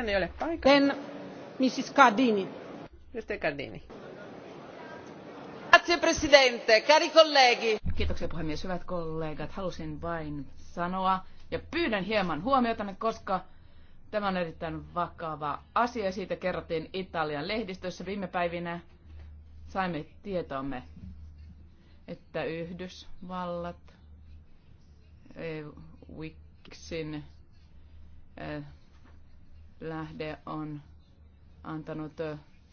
Hän ei ole paikalla. Then Mrs. Cardini. Mr. Cardini. Grazie Presidente, cari colleghi. Kiitoksia puhemies, hyvät kollegat. Halusin vain sanoa ja pyydän hieman huomiota, koska tämä on erittäin vakava asia. Siitä kerrottiin Italian lehdistössä viime päivinä. Saimme tietomme, että Yhdysvallat, eh, Wixin eh, lähde on antanut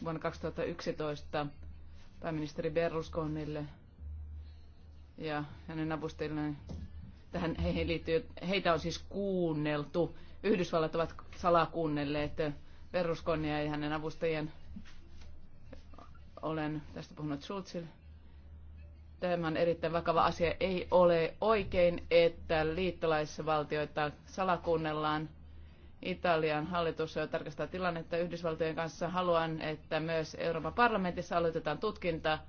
vuonna 2011 pääministeri Berlusconille ja hänen avustajilleen. Tähän heihin liittyy, heitä on siis kuunneltu. Yhdysvallat ovat salakuunnelleet Berlusconia ja hänen avustajien. Olen tästä puhunut Schulzille. Tämä on erittäin vakava asia. Ei ole oikein, että liittolaisvaltioita salakuunnellaan Italian hallitus tarkastaa tilannetta Yhdysvaltojen kanssa. Haluan, että myös Euroopan parlamentissa aloitetaan tutkinta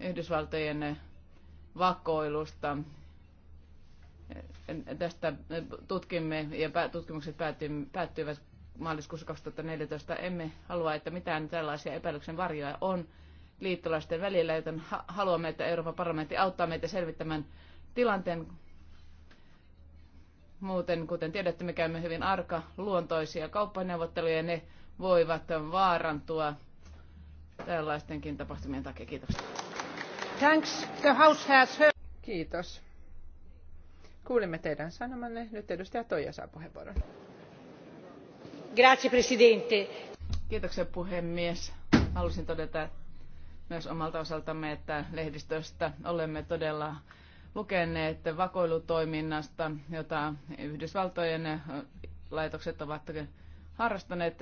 Yhdysvaltojen vakoilusta. Tästä tutkimme ja tutkimukset päättyivät maaliskuussa 2014. Emme halua, että mitään tällaisia epäilyksen varjoja on liittolaisten välillä, joten haluamme, että Euroopan parlamentti auttaa meitä selvittämään tilanteen Muuten, kuten tiedätte, me käymme hyvin arka luontoisia kauppaneuvotteluja ja ne voivat vaarantua tällaistenkin tapahtumien takia. Kiitos. Thanks. The house has heard. Kiitos. Kuulimme teidän sanomanne. Nyt edustaja Toija saa puheenvuoron. Grazie, presidente. Kiitoksia puhemies. Halusin todeta myös omalta osaltamme, että lehdistöstä olemme todella lukeneet vakoilutoiminnasta, jota Yhdysvaltojen laitokset ovat harrastaneet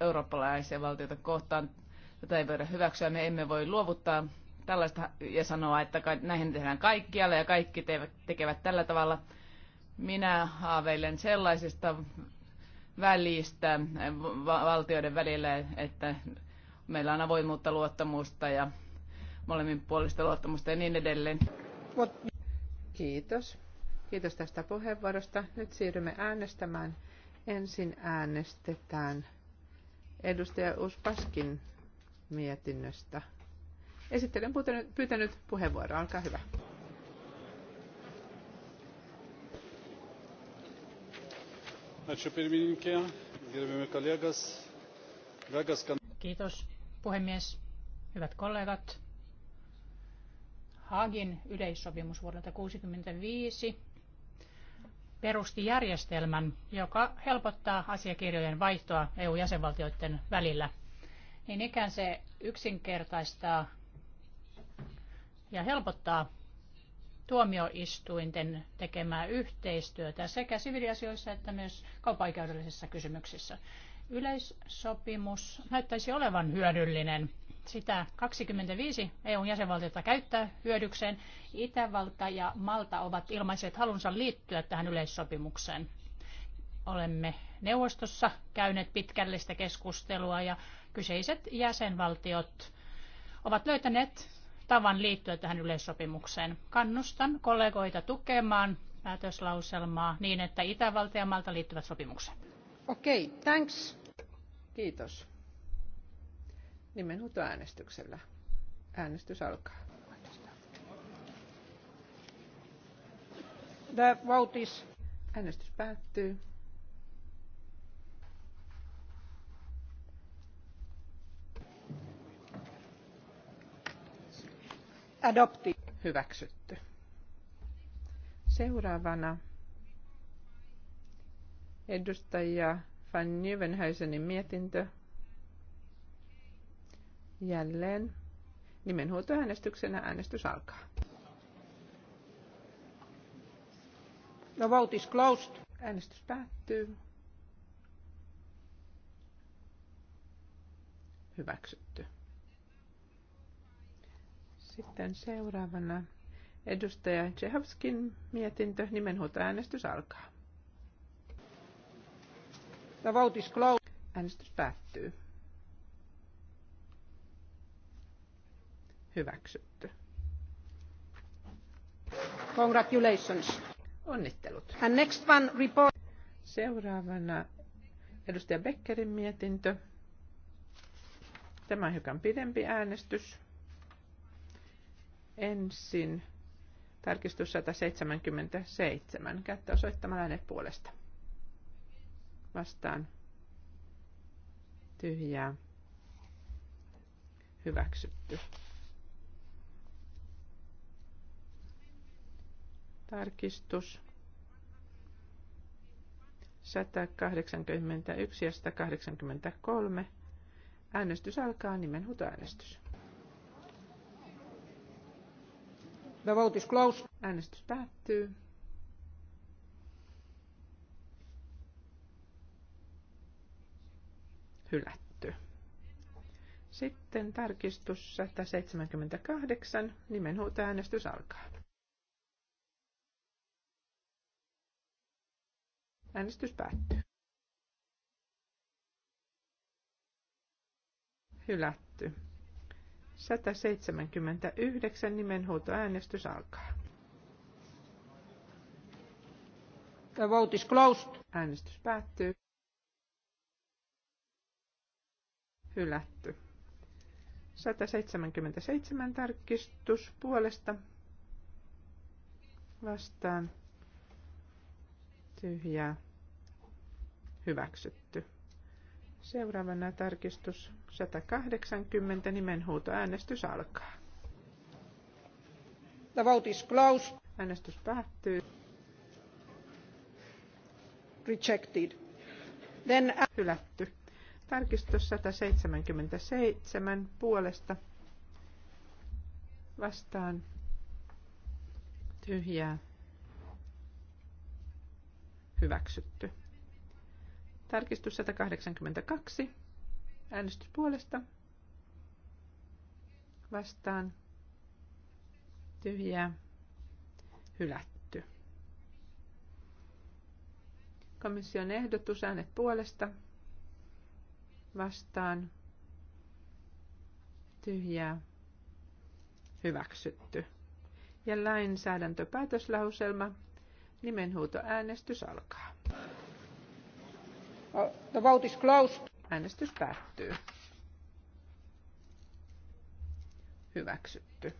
eurooppalaisia valtioita kohtaan. Tätä ei voida hyväksyä. Me emme voi luovuttaa tällaista ja sanoa, että näihin tehdään kaikkialla ja kaikki tekevät tällä tavalla. Minä haaveilen sellaisista välistä valtioiden välillä, että meillä on avoimuutta, luottamusta ja molemmin puolista luottamusta ja niin edelleen. Kiitos. Kiitos tästä puheenvuorosta. Nyt siirrymme äänestämään. Ensin äänestetään edustaja Uspaskin mietinnöstä. Esittelen pyytänyt, pyytänyt puheenvuoroa. Olkaa hyvä. Kiitos puhemies. Hyvät kollegat. Haagin yleissopimus vuodelta 1965 perusti järjestelmän, joka helpottaa asiakirjojen vaihtoa EU-jäsenvaltioiden välillä. Niin ikään se yksinkertaistaa ja helpottaa tuomioistuinten tekemää yhteistyötä sekä siviiliasioissa että myös kaupaikeudellisissa kysymyksissä. Yleissopimus näyttäisi olevan hyödyllinen sitä 25 EUn jäsenvaltiota käyttää hyödykseen. Itävalta ja Malta ovat ilmaiset halunsa liittyä tähän yleissopimukseen. Olemme neuvostossa käyneet pitkällistä keskustelua ja kyseiset jäsenvaltiot ovat löytäneet tavan liittyä tähän yleissopimukseen. Kannustan kollegoita tukemaan päätöslauselmaa niin, että Itävalta ja Malta liittyvät sopimukseen. Okei, okay, thanks. Kiitos äänestyksellä. Äänestys alkaa. The vote is... Äänestys päättyy. Adopti. Hyväksytty. Seuraavana edustaja Van Nieuwenhuisenin mietintö Jälleen nimenhuoltoäänestyksenä äänestys alkaa. The no, vote is closed. Äänestys päättyy. Hyväksytty. Sitten seuraavana edustaja Tsehovskin mietintö. Nimenhuoltoäänestys alkaa. The no, vote is closed. Äänestys päättyy. hyväksytty. Congratulations. Onnittelut. And next one report. Seuraavana edustaja Beckerin mietintö. Tämä on hiukan pidempi äänestys. Ensin tarkistus 177. Kättä osoittamalla äänet puolesta. Vastaan. Tyhjää. Hyväksytty. Tarkistus 181 ja 183. Äänestys alkaa nimenhuutoäänestys. The vote is closed. Äänestys päättyy. Hylätty. Sitten tarkistus 178. Nimenhuutoäänestys alkaa. Äänestys päättyy. Hylätty. 179 nimenhuutoäänestys alkaa. The vote is closed. Äänestys päättyy. Hylätty. 177 tarkistus puolesta vastaan tyhjää hyväksytty. Seuraavana tarkistus 180 nimenhuutoäänestys alkaa. The vote is closed. Äänestys päättyy. Rejected. Then... Uh, Hylätty. Tarkistus 177 puolesta vastaan tyhjää hyväksytty. Tarkistus 182. Äänestys puolesta. Vastaan. Tyhjää. Hylätty. Komission ehdotus. Äänet puolesta. Vastaan. Tyhjää. Hyväksytty. Ja lainsäädäntöpäätöslauselma. Nimenhuutoäänestys alkaa. The vote is closed. Äänestys päättyy. Hyväksytty.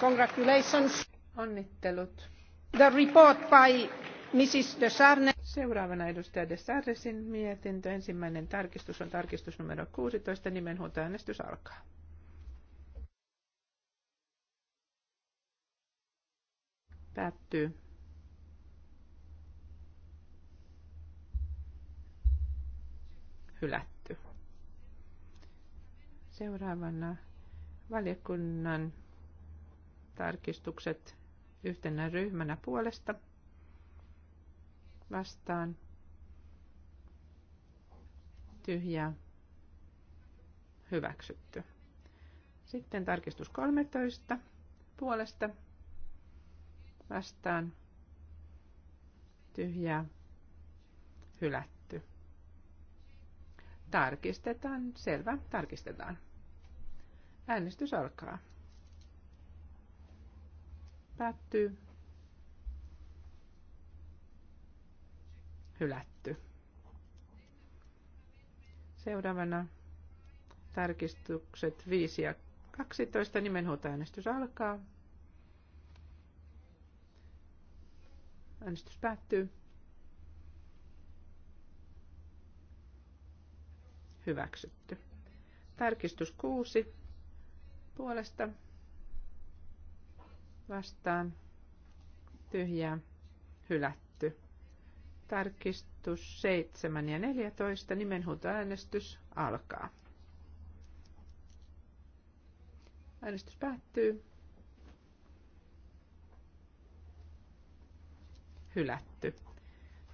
Congratulations. Onnittelut. The report by Mrs. De Sarne. Seuraavana edustaja De Sarresin mietintö. Ensimmäinen tarkistus on tarkistus numero 16. Nimenhuutoäänestys alkaa. Päättyy. hylätty. Seuraavana valiokunnan tarkistukset yhtenä ryhmänä puolesta vastaan tyhjä hyväksytty. Sitten tarkistus 13 puolesta vastaan tyhjä hylätty. Tarkistetaan, selvä, tarkistetaan. Äänestys alkaa. Päättyy. Hylätty. Seuraavana tarkistukset 5 ja 12. Nimenhuutoäänestys alkaa. Äänestys päättyy. hyväksytty. Tarkistus 6 puolesta vastaan tyhjää hylätty. Tarkistus 7 ja 14 nimenhuutoäänestys alkaa. Äänestys päättyy. Hylätty.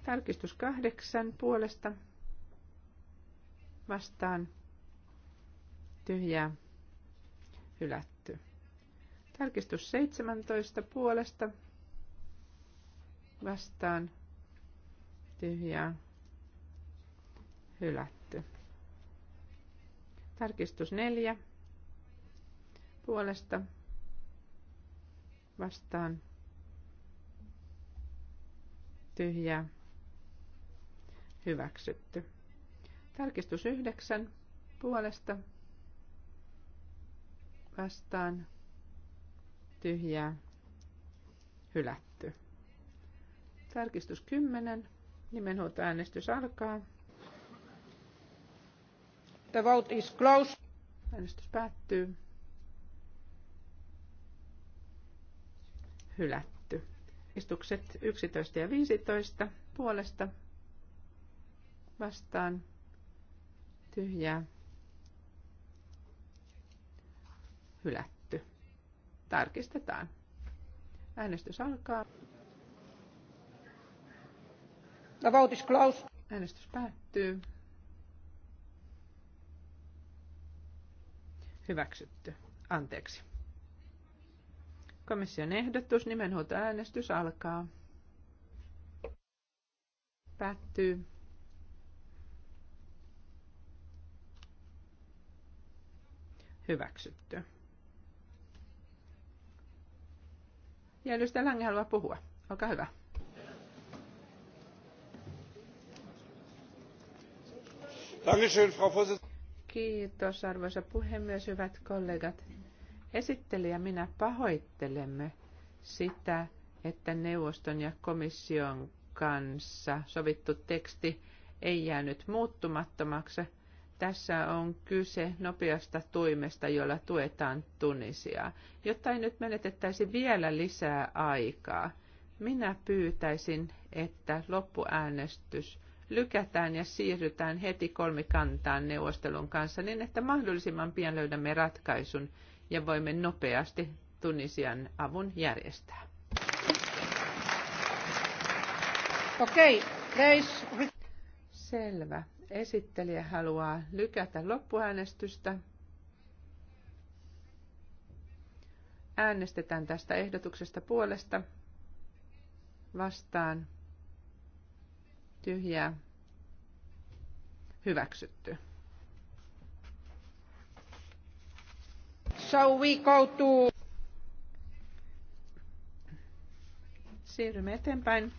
Tarkistus kahdeksan puolesta vastaan tyhjää hylätty. Tarkistus 17 puolesta vastaan tyhjää hylätty. Tarkistus 4 puolesta vastaan tyhjää hyväksytty. Tarkistus yhdeksän puolesta vastaan tyhjää hylätty. Tarkistus 10. äänestys alkaa. The vote is closed. Äänestys päättyy. Hylätty. Istukset 11 ja 15 puolesta vastaan tyhjää, hylätty. Tarkistetaan. Äänestys alkaa. The vote is closed. Äänestys päättyy. Hyväksytty. Anteeksi. Komission ehdotus, nimenhuoltoäänestys alkaa. Päättyy. Hyväksytty. Ja edustaja Lange haluaa puhua. Olkaa hyvä. Kiitos arvoisa puhemies, hyvät kollegat. Esittelijä minä pahoittelemme sitä, että neuvoston ja komission kanssa sovittu teksti ei jäänyt muuttumattomaksi – tässä on kyse nopeasta toimesta, jolla tuetaan Tunisiaa. Jotta ei nyt menetettäisi vielä lisää aikaa, minä pyytäisin, että loppuäänestys lykätään ja siirrytään heti kolmikantaan neuvostelun kanssa niin, että mahdollisimman pian löydämme ratkaisun ja voimme nopeasti Tunisian avun järjestää. Okei, okay. Selvä esittelijä haluaa lykätä loppuäänestystä. Äänestetään tästä ehdotuksesta puolesta vastaan tyhjää hyväksytty. So we go to... Siirrymme eteenpäin.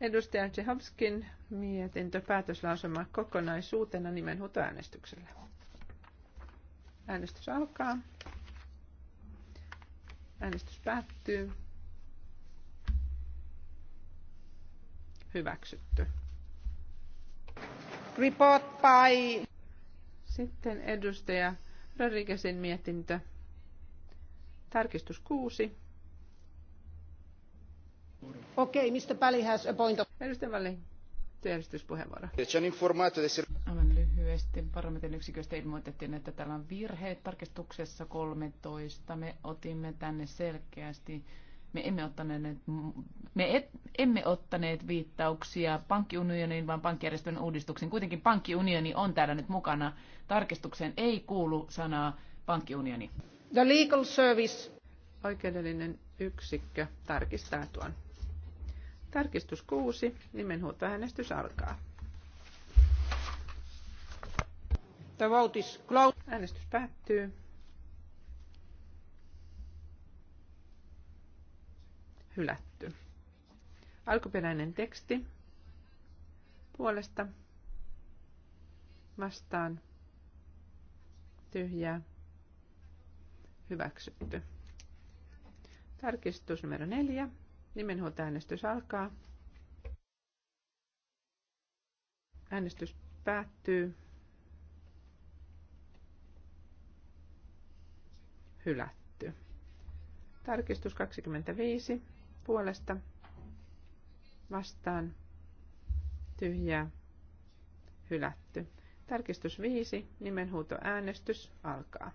Edustaja Tsehovskin mietintö päätöslausuma kokonaisuutena nimenhuutoäänestyksellä. Äänestys alkaa. Äänestys päättyy. Hyväksytty. Report by... Sitten edustaja Rodriguezin mietintö. Tarkistus 6. Okei, okay, Mr. Pally has a point of... Edustaja Valli, työjärjestyspuheenvuoro. Aivan lyhyesti. Parlamentin yksiköstä ilmoitettiin, että täällä on virheet tarkistuksessa 13. Me otimme tänne selkeästi me emme ottaneet, me et, emme ottaneet viittauksia pankkiunioniin, vaan pankkijärjestön uudistuksiin. Kuitenkin pankkiunioni on täällä nyt mukana. Tarkistukseen ei kuulu sanaa pankkiunioni. The legal service. Oikeudellinen yksikkö tarkistaa tuon. Tarkistus 6. Nimenhuutoäänestys alkaa. The vote is closed. Äänestys päättyy. Hylätty. Alkuperäinen teksti puolesta vastaan tyhjää hyväksytty. Tarkistus numero neljä Nimenhuoltoäänestys alkaa. Äänestys päättyy. Hylätty. Tarkistus 25. Puolesta vastaan tyhjää hylätty. Tarkistus 5. Nimenhuutoäänestys alkaa.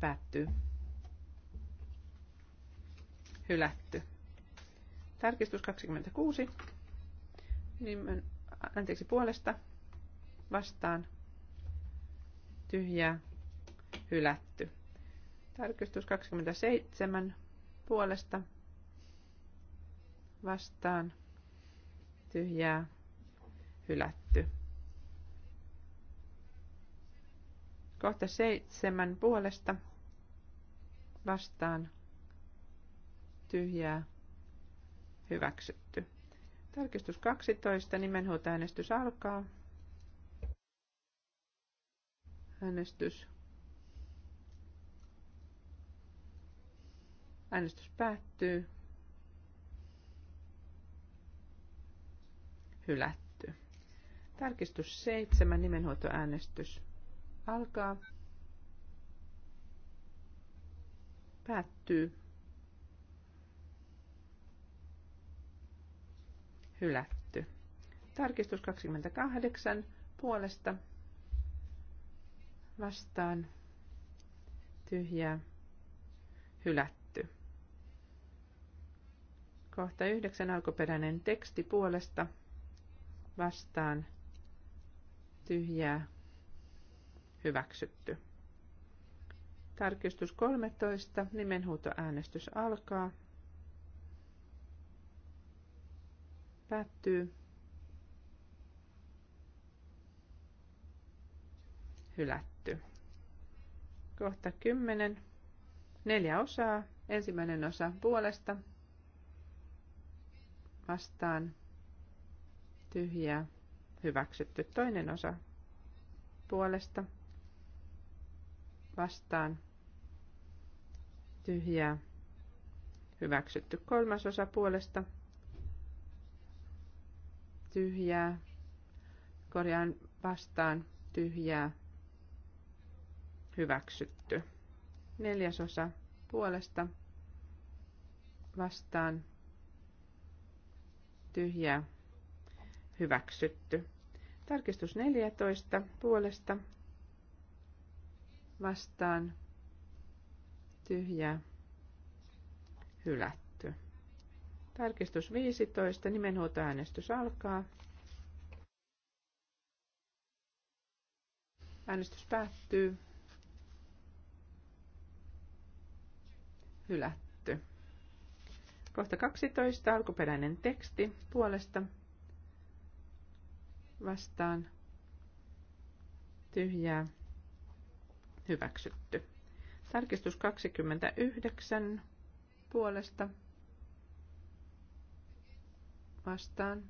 Päättyy. Hylätty. Tarkistus 26. Nimen, anteeksi puolesta. Vastaan. Tyhjää. Hylätty. Tarkistus 27. Puolesta. Vastaan. Tyhjää. Hylätty. Kohta seitsemän puolesta vastaan tyhjää hyväksytty. Tarkistus 12, äänestys alkaa. Äänestys. Äänestys päättyy. Hylätty. Tarkistus 7, äänestys alkaa. Päättyy. Hylätty. Tarkistus 28 puolesta vastaan tyhjää hylätty. Kohta 9 alkuperäinen teksti puolesta vastaan tyhjää hyväksytty. Tarkistus 13. Nimenhuutoäänestys alkaa. Päättyy. Hylätty. Kohta 10. Neljä osaa. Ensimmäinen osa puolesta. Vastaan. tyhjä, Hyväksytty. Toinen osa puolesta. Vastaan tyhjää hyväksytty kolmasosa puolesta tyhjää korjaan vastaan tyhjää hyväksytty neljäsosa puolesta vastaan tyhjää hyväksytty tarkistus 14 puolesta vastaan tyhjä, hylätty. Tarkistus 15, nimenhuutoäänestys alkaa. Äänestys päättyy. Hylätty. Kohta 12, alkuperäinen teksti puolesta vastaan tyhjää hyväksytty. Tarkistus 29 puolesta vastaan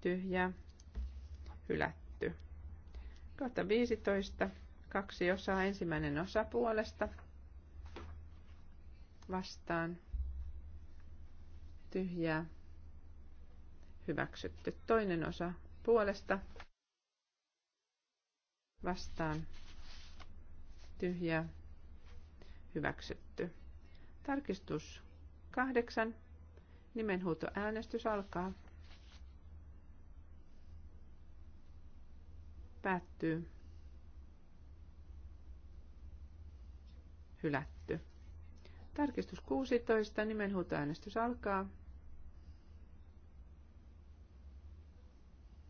tyhjä hylätty. Kohta 15. Kaksi osaa. Ensimmäinen osa puolesta vastaan tyhjää hyväksytty. Toinen osa puolesta vastaan tyhjää Hyväksytty. Tarkistus 8. Nimenhuuto äänestys alkaa. Päättyy. Hylätty. Tarkistus 16. Nimenhuutoäänestys alkaa.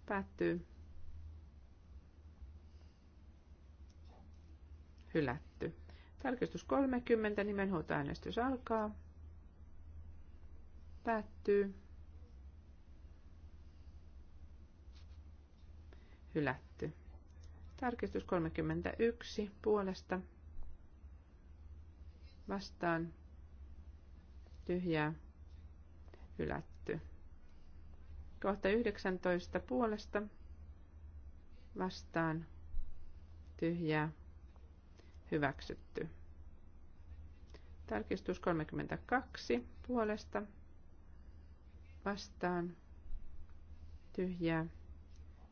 Päättyy. Hylätty. Tarkistus 30, nimenhuutoäänestys alkaa. Päättyy. Hylätty. Tarkistus 31 puolesta. Vastaan. Tyhjää. Hylätty. Kohta 19 puolesta. Vastaan. Tyhjää hyväksytty. Tarkistus 32 puolesta vastaan tyhjää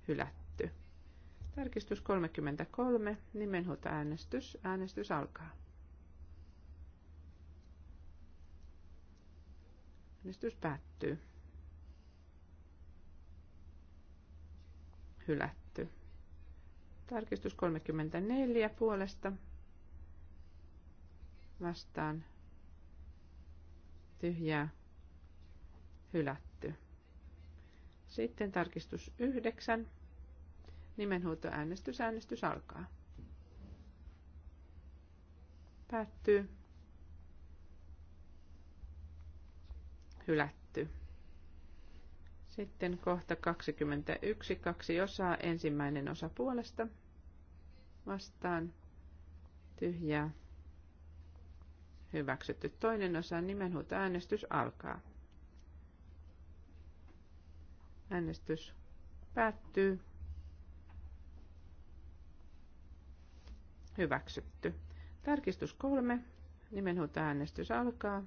hylätty. Tarkistus 33, äänestys. Äänestys alkaa. Äänestys päättyy. Hylätty. Tarkistus 34 puolesta vastaan tyhjää hylätty. Sitten tarkistus 9. Nimenhuutoäänestys. Äänestys alkaa. Päättyy. Hylätty. Sitten kohta 21, kaksi osaa, ensimmäinen osa puolesta, vastaan, tyhjää, Hyväksytty toinen osa nimenhuuta äänestys alkaa. Äänestys päättyy. Hyväksytty. Tarkistus kolme. Nimenhuuta äänestys alkaa.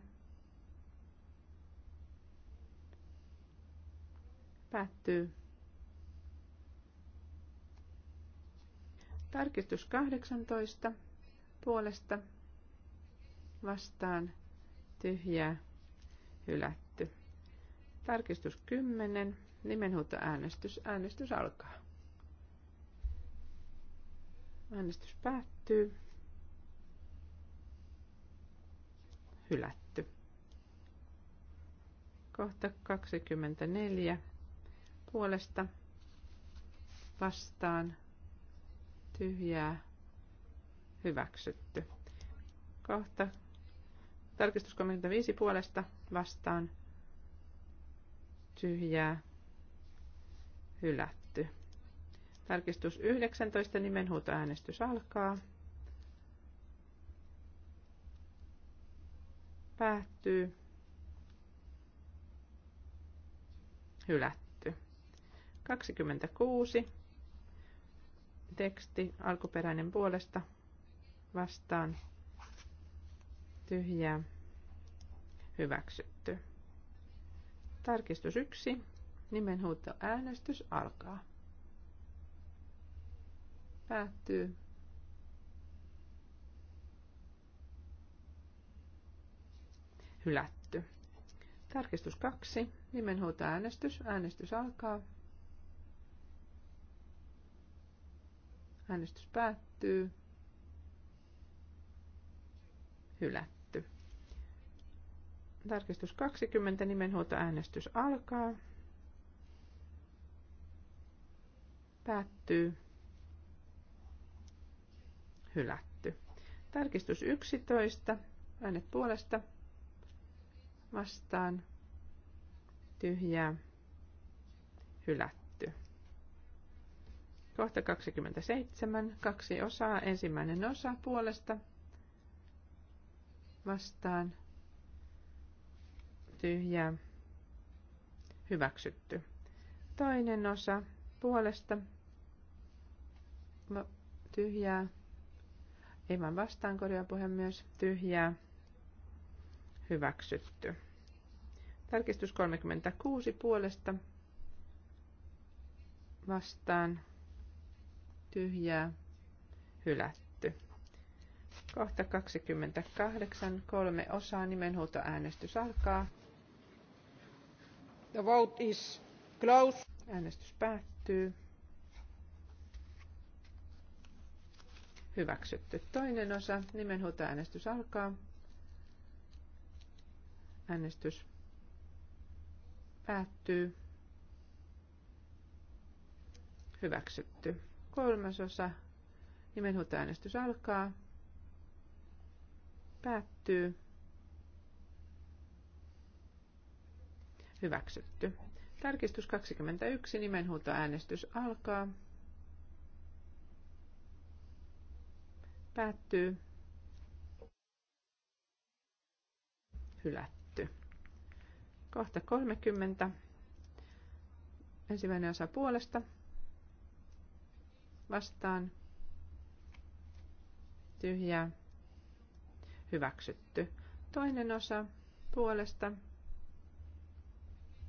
Päättyy. Tarkistus 18 puolesta vastaan tyhjää hylätty. Tarkistus 10. äänestys, Äänestys alkaa. Äänestys päättyy. Hylätty. Kohta 24. Puolesta vastaan tyhjää hyväksytty. Kohta Tarkistus 35 puolesta vastaan tyhjää hylätty. Tarkistus 19 nimenhuutoäänestys alkaa. Päättyy. Hylätty. 26. Teksti alkuperäinen puolesta vastaan tyhjä, hyväksytty. Tarkistus 1. Nimenhuutoäänestys alkaa. Päättyy. Hylätty. Tarkistus 2. Nimenhuutoäänestys. Äänestys alkaa. Äänestys päättyy. Hylätty. Tarkistus 20, nimenhuolto äänestys alkaa. Päättyy. Hylätty. Tarkistus 11, äänet puolesta. Vastaan. Tyhjää. Hylätty. Kohta 27, kaksi osaa, ensimmäinen osa puolesta. Vastaan tyhjää hyväksytty. Toinen osa puolesta no, tyhjää, ei vaan vastaan korjaa tyhjää hyväksytty. Tarkistus 36 puolesta vastaan tyhjää hylätty. Kohta 28, kolme osaa, nimenhuutoäänestys alkaa. The vote is closed. Äänestys päättyy. Hyväksytty. Toinen osa. Nimenhuutoäänestys alkaa. Äänestys päättyy. Hyväksytty. Kolmas osa. Nimenhuutoäänestys alkaa. Päättyy. Hyväksytty. Tarkistus 21, nimenhuutoäänestys alkaa. Päättyy. Hylätty. Kohta 30. Ensimmäinen osa puolesta. Vastaan. Tyhjää. Hyväksytty. Toinen osa puolesta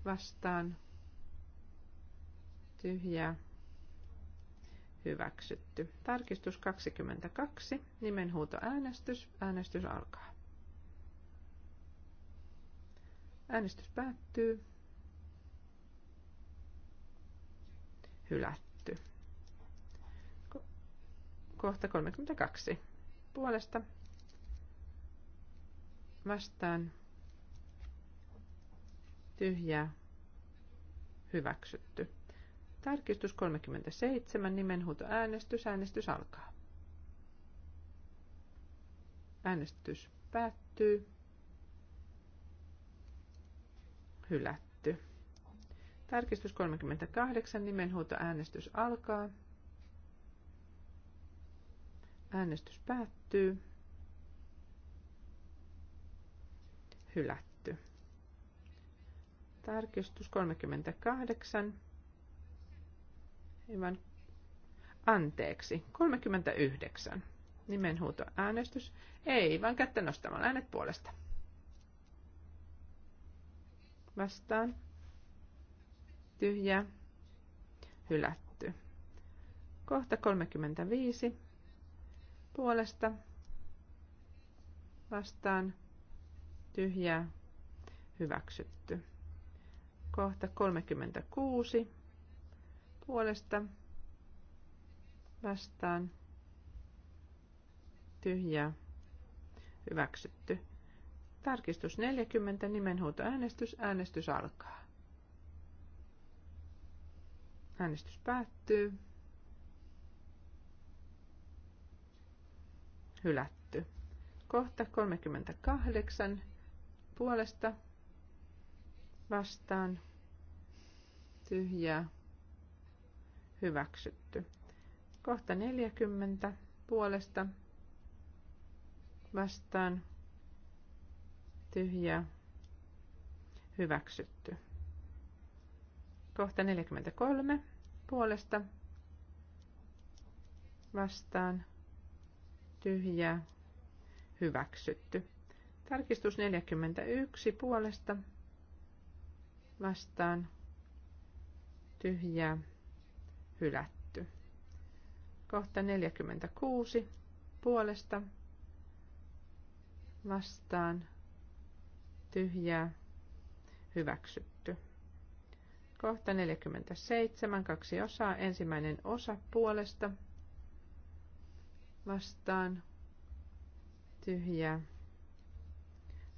vastaan tyhjä hyväksytty. Tarkistus 22, äänestys. Äänestys alkaa. Äänestys päättyy. Hylätty. Kohta 32. Puolesta vastaan tyhjä, hyväksytty. Tarkistus 37, nimenhuuto äänestys äänestys alkaa. Äänestys päättyy. Hylätty. Tarkistus 38, äänestys alkaa. Äänestys päättyy. Hylätty. Tarkistus 38. Ivan, anteeksi, 39. Nimenhuuto äänestys. Ei, vaan kättä nostamalla äänet puolesta. Vastaan. Tyhjä. Hylätty. Kohta 35. Puolesta. Vastaan. tyhjä, Hyväksytty. Kohta 36 puolesta vastaan tyhjä hyväksytty. Tarkistus 40 äänestys Äänestys alkaa. Äänestys päättyy. Hylätty. Kohta 38 puolesta vastaan tyhjää hyväksytty. Kohta 40 puolesta vastaan tyhjää hyväksytty. Kohta 43 puolesta vastaan tyhjää hyväksytty. Tarkistus 41 puolesta vastaan tyhjää hylätty. Kohta 46 puolesta vastaan tyhjää hyväksytty. Kohta 47, kaksi osaa. Ensimmäinen osa puolesta vastaan tyhjää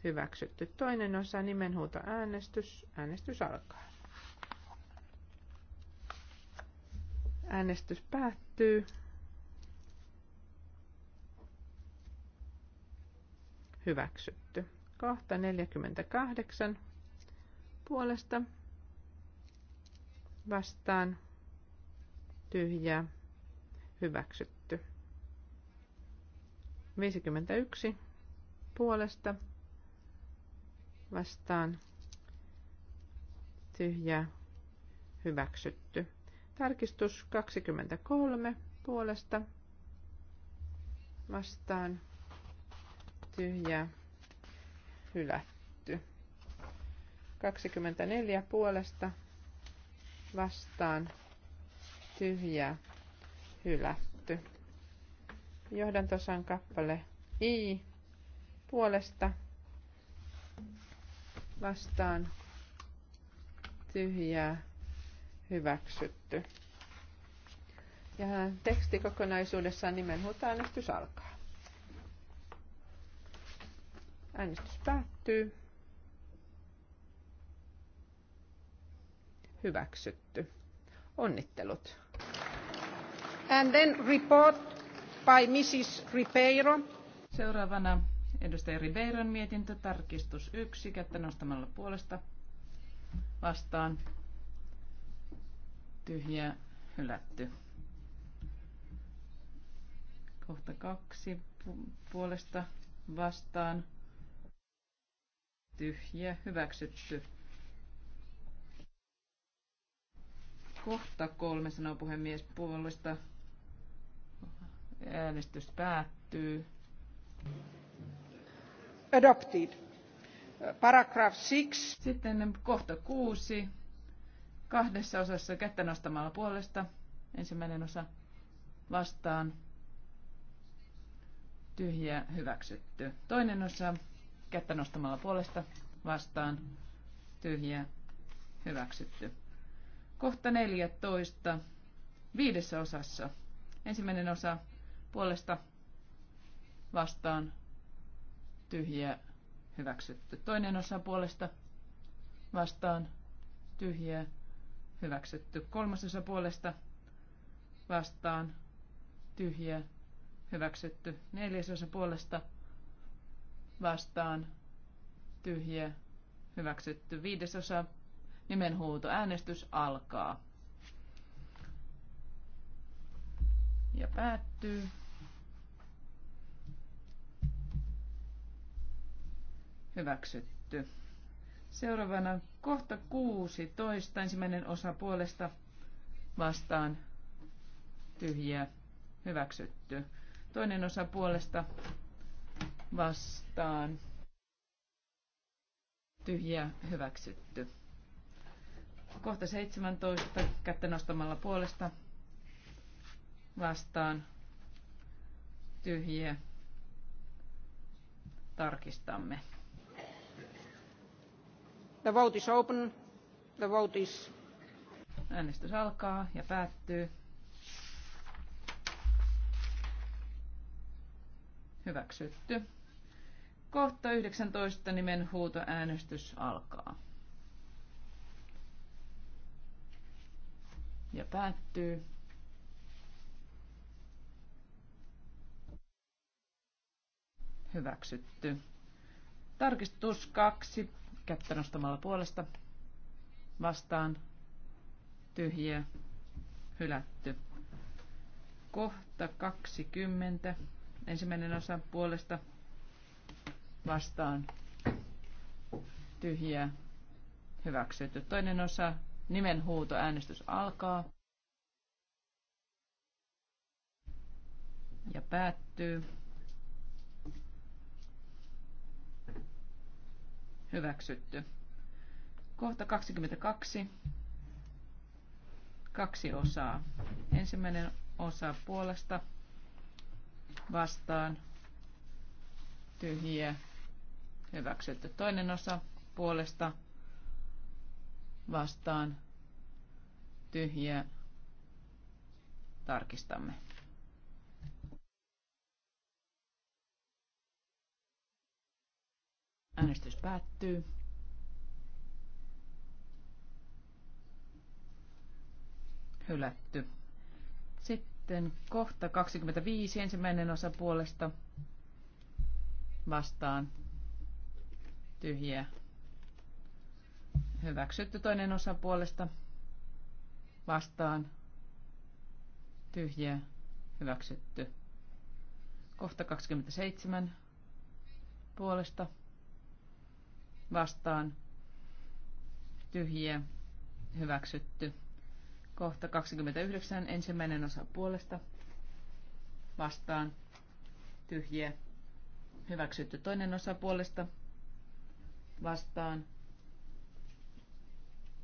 Hyväksytty. Toinen osa nimenhuuto äänestys. Äänestys alkaa. Äänestys päättyy. Hyväksytty. Kohta 48 puolesta vastaan tyhjää hyväksytty. 51 puolesta vastaan tyhjä hyväksytty. Tarkistus 23 puolesta vastaan tyhjä hylätty. 24 puolesta vastaan tyhjä hylätty. Johdantosan kappale I puolesta vastaan tyhjää hyväksytty. Ja teksti kokonaisuudessaan äänestys alkaa. Äänestys päättyy. Hyväksytty. Onnittelut. And then report by Mrs. Ribeiro. Seuraavana Edustaja Ribeiron mietintö, tarkistus 1, kättä nostamalla puolesta vastaan. Tyhjä, hylätty. Kohta kaksi puolesta vastaan. Tyhjä, hyväksytty. Kohta kolme, sanoo puhemies, puolesta. Äänestys päättyy. Adopted. Paragraph 6. Sitten kohta kuusi. Kahdessa osassa kättä nostamalla puolesta. Ensimmäinen osa vastaan. Tyhjä hyväksytty. Toinen osa kättä nostamalla puolesta vastaan. Tyhjä hyväksytty. Kohta 14. Viidessä osassa. Ensimmäinen osa puolesta vastaan tyhjiä hyväksytty. Toinen osa puolesta vastaan tyhjiä hyväksytty. Kolmas osa puolesta vastaan tyhjiä hyväksytty. Neljäs osa puolesta vastaan tyhjiä hyväksytty. Viides osa nimenhuuto. Äänestys alkaa. Ja päättyy. hyväksytty. Seuraavana kohta 16, ensimmäinen osa puolesta vastaan tyhjiä hyväksytty. Toinen osa puolesta vastaan tyhjiä hyväksytty. Kohta 17, kättä nostamalla puolesta vastaan tyhjiä tarkistamme. The vote is open. The vote is... Äänestys alkaa ja päättyy. Hyväksytty. Kohta 19 nimen huutoäänestys alkaa. Ja päättyy. Hyväksytty. Tarkistus 2 kättä nostamalla puolesta vastaan tyhjä hylätty. Kohta 20. Ensimmäinen osa puolesta vastaan tyhjä hyväksytty. Toinen osa nimen huuto äänestys alkaa. Ja päättyy. Hyväksytty. Kohta 22. Kaksi osaa. Ensimmäinen osa puolesta vastaan. Tyhjiä. Hyväksytty. Toinen osa puolesta vastaan. Tyhjiä. Tarkistamme. Äänestys päättyy. Hylätty. Sitten kohta 25, ensimmäinen osa puolesta vastaan tyhjä. Hyväksytty toinen osa puolesta vastaan tyhjä. Hyväksytty. Kohta 27 puolesta vastaan tyhjiä hyväksytty. Kohta 29 ensimmäinen osa puolesta vastaan tyhjiä hyväksytty. Toinen osa puolesta vastaan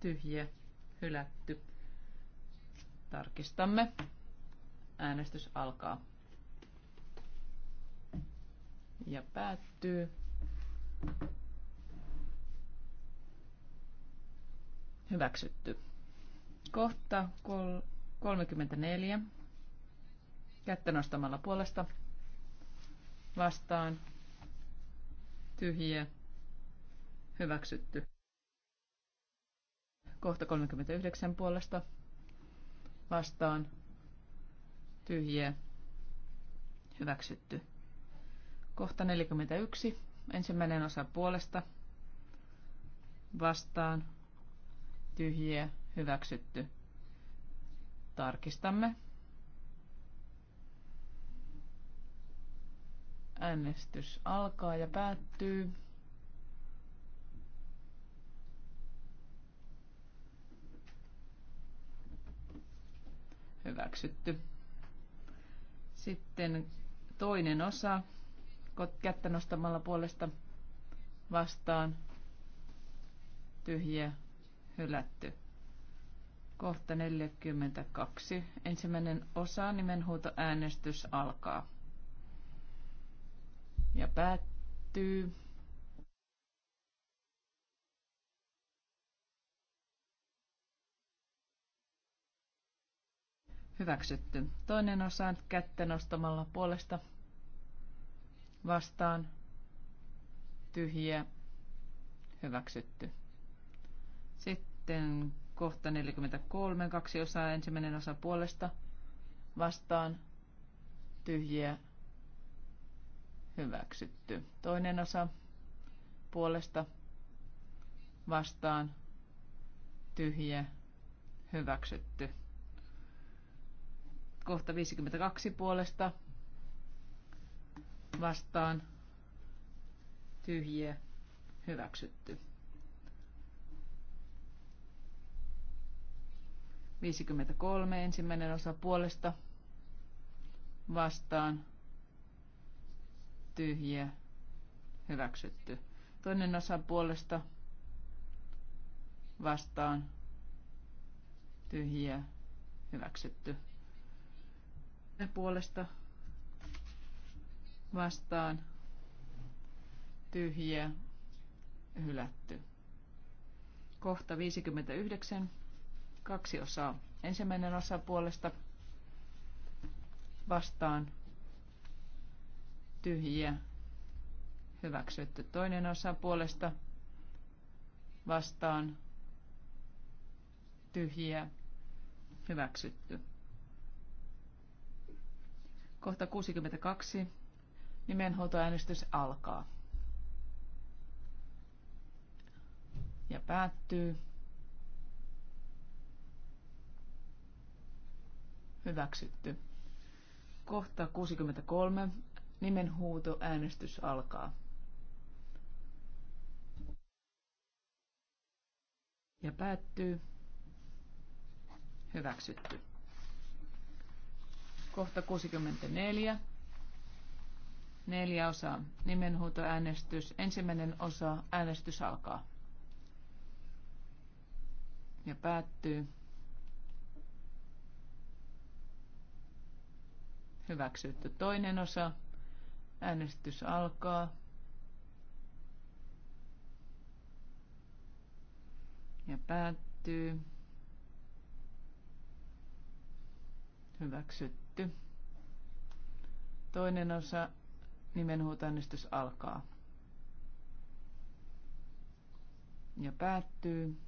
tyhjiä hylätty. Tarkistamme. Äänestys alkaa. Ja päättyy. Hyväksytty. Kohta 34. Kättä nostamalla puolesta. Vastaan. Tyhjiä. Hyväksytty. Kohta 39 puolesta. Vastaan. Tyhjiä. Hyväksytty. Kohta 41. Ensimmäinen osa puolesta. Vastaan tyhjiä, hyväksytty. Tarkistamme. Äänestys alkaa ja päättyy. Hyväksytty. Sitten toinen osa kättä nostamalla puolesta vastaan tyhjiä hylätty. Kohta 42. Ensimmäinen osa nimenhuuto äänestys alkaa. Ja päättyy. Hyväksytty. Toinen osa kättä nostamalla puolesta vastaan. Tyhjiä. Hyväksytty. Sitten kohta 43, kaksi osaa, ensimmäinen osa puolesta vastaan, tyhjiä, hyväksytty. Toinen osa puolesta vastaan, tyhjiä, hyväksytty. Kohta 52 puolesta vastaan, tyhjiä, hyväksytty. 53 ensimmäinen osa puolesta vastaan tyhjiä hyväksytty. Toinen osa puolesta vastaan tyhjiä hyväksytty. Ne puolesta vastaan tyhjiä hylätty. Kohta 59 Kaksi osaa. Ensimmäinen osa puolesta vastaan tyhjiä hyväksytty. Toinen osa puolesta vastaan tyhjiä hyväksytty. Kohta 62. Nimenhuoltoäänestys alkaa. Ja päättyy. Hyväksytty. Kohta 63. Nimenhuuto. Äänestys alkaa. Ja päättyy. Hyväksytty. Kohta 64. Neljä osaa. Nimenhuutoäänestys. Ensimmäinen osa. Äänestys alkaa. Ja päättyy. Hyväksytty toinen osa. Äänestys alkaa. Ja päättyy. Hyväksytty. Toinen osa. Nimenhuutoäänestys alkaa. Ja päättyy.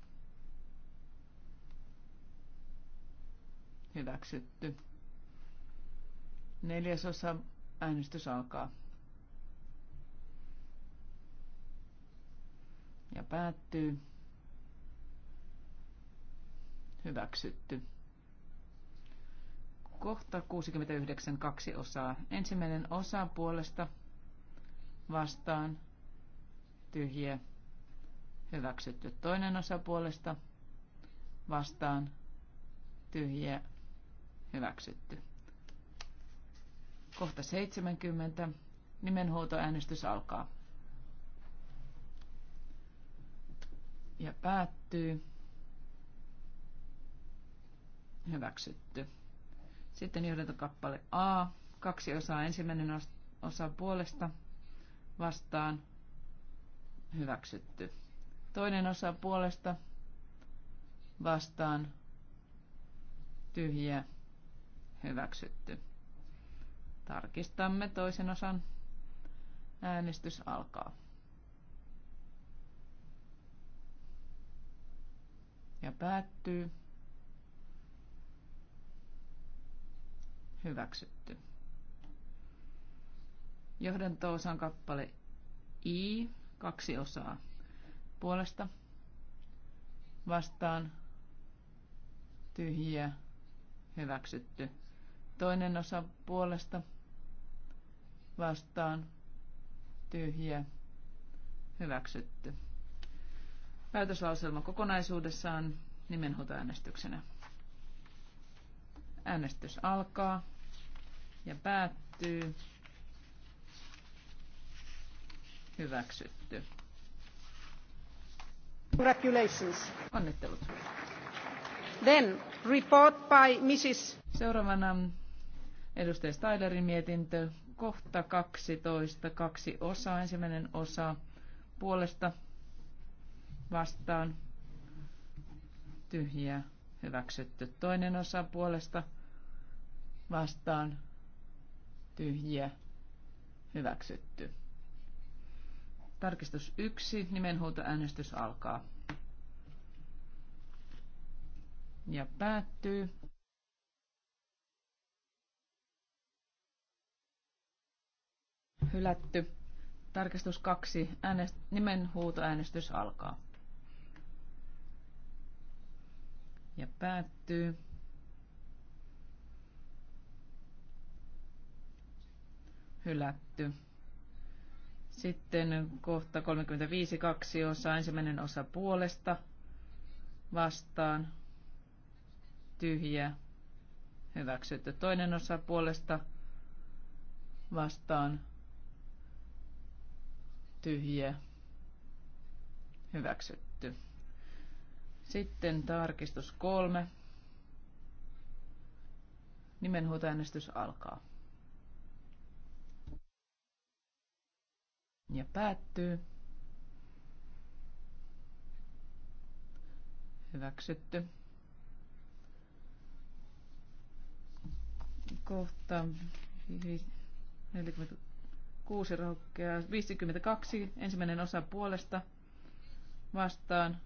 Hyväksytty. Neljäsosa äänestys alkaa. Ja päättyy. Hyväksytty. Kohta 69 kaksi osaa. Ensimmäinen osa puolesta vastaan tyhjiä. Hyväksytty toinen osa puolesta vastaan tyhjiä. Hyväksytty. Kohta 70. Nimenhuutoäänestys alkaa. Ja päättyy. Hyväksytty. Sitten kappale A. Kaksi osaa. Ensimmäinen osa puolesta vastaan. Hyväksytty. Toinen osa puolesta vastaan. Tyhjä. Hyväksytty. Tarkistamme toisen osan. Äänestys alkaa. Ja päättyy. Hyväksytty. Johdanto-osan kappale I, kaksi osaa. Puolesta vastaan tyhjiä, hyväksytty. Toinen osa puolesta vastaan tyhjä hyväksytty. Päätöslauselma kokonaisuudessaan nimenhuutoäänestyksenä. Äänestys alkaa ja päättyy. Hyväksytty. Congratulations. Onnittelut. Then report by Mrs. Seuraavana edustaja Stylerin mietintö kohta 12, kaksi osaa. Ensimmäinen osa puolesta vastaan tyhjä hyväksytty. Toinen osa puolesta vastaan tyhjä hyväksytty. Tarkistus 1. Nimenhuutoäänestys alkaa. Ja päättyy. Hylätty. Tarkistus kaksi Äänest- huutoäänestys alkaa. Ja päättyy. Hylätty. Sitten kohta 35 kaksi osa, ensimmäinen osa puolesta, vastaan, tyhjä, hyväksytty. Toinen osa puolesta, vastaan, tyhjä, hyväksytty. Sitten tarkistus kolme. Nimenhuutoäänestys alkaa. Ja päättyy. Hyväksytty. Kohta 40 kuusi rohkeaa 52, ensimmäinen osa puolesta vastaan,